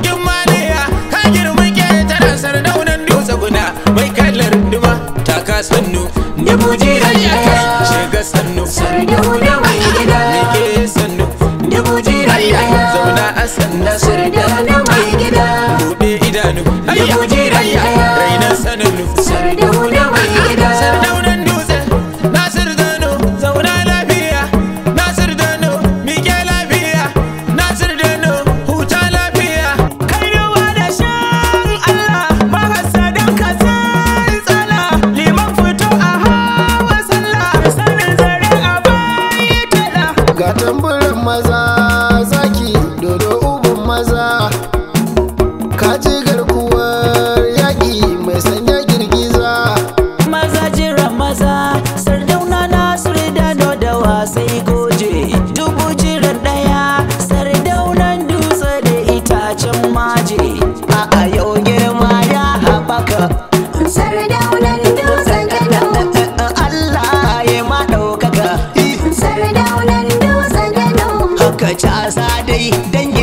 sarkin maniya ka girman ke tana sardaunan dutse guda mai kallar duma taka sannu da buji da yaka shiga sannu sardauna mai gida ke sannu da buji da yaka zauna a sannu sardauna mai gida bude idanu ayya kaca a dai dangi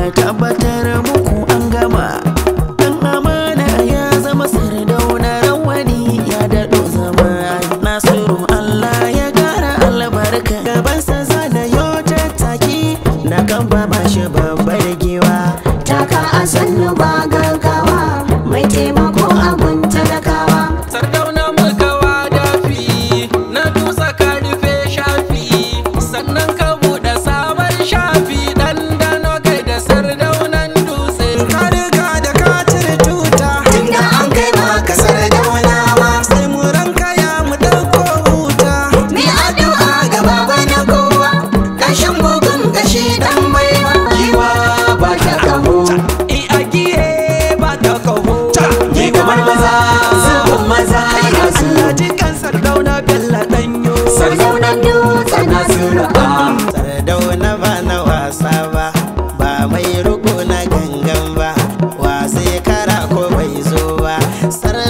na tabbatar muku an gama dan amana ya zama sardauna rawani ya daɗo zama nasiru Allah ya kara albarka gabansa zana yo tattaki na kan baba shi babbar giwa taka a sannu ba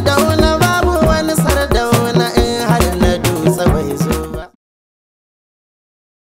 down